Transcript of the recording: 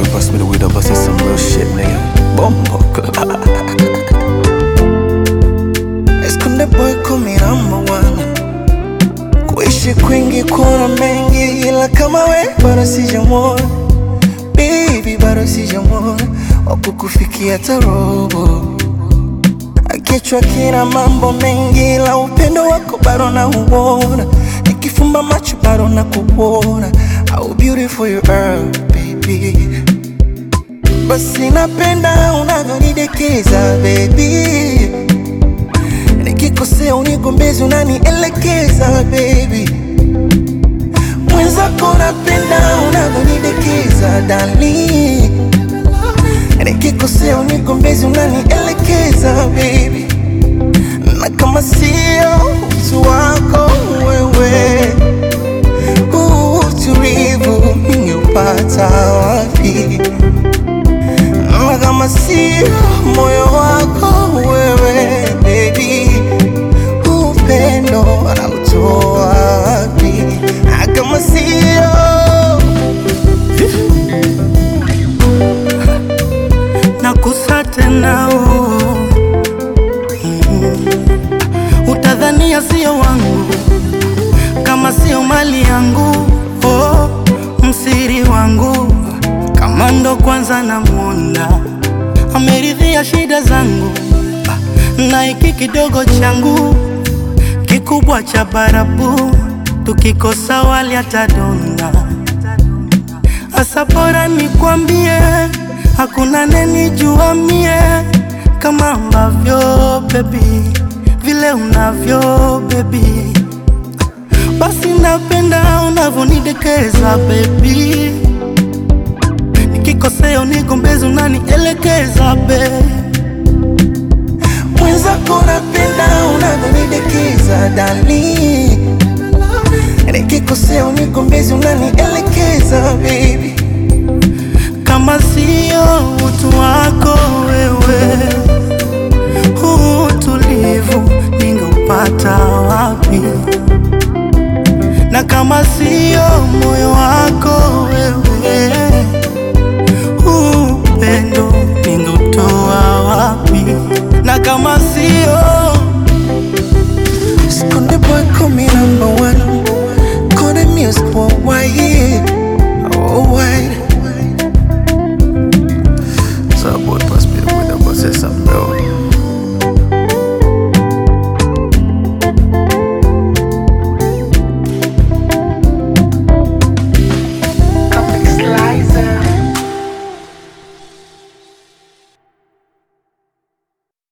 boy pass me the weed, I bust some real shit, nigga. Bombo Esconde boy kumi number one Kuishi kwingi kuna mengi Ila kama we bado sijamwona Baby bado sijamwona Wakukufikia tarobo Kichwa kina mambo mengi Ila upendo wako bado na uona Nikifumba macho bado na kuona How beautiful you are baby Basi napenda unavyonidekeza baby, nikikosea unigombezi unanielekeza baby. Mwenzako napenda unavyonidekeza dali, nikikosea unigombezi unanielekeza baby moyo wako wewe baby, upendo anautoa wapi kama sio nakusa tenao hmm. utadhania sio wangu kama sio mali yangu oh, msiri wangu kama ndo kwanza namwona ameridhia shida zangu na iki kidogo changu kikubwa cha barabu, tukikosa wali atadonda. Asa bora nikwambie, hakuna mie kama ambavyo bebi, vile unavyo bebi, basi napenda unavyonidekeza bebi nikikosea unigombeze, unanielekeza be mwenzako, napenda unavyonidekiza dali, nikikosea unigombeze, unanielekeza baby, kama sio utu wako wewe, huu utulivu ningeupata wapi? na kama sio moyo wako wewe alma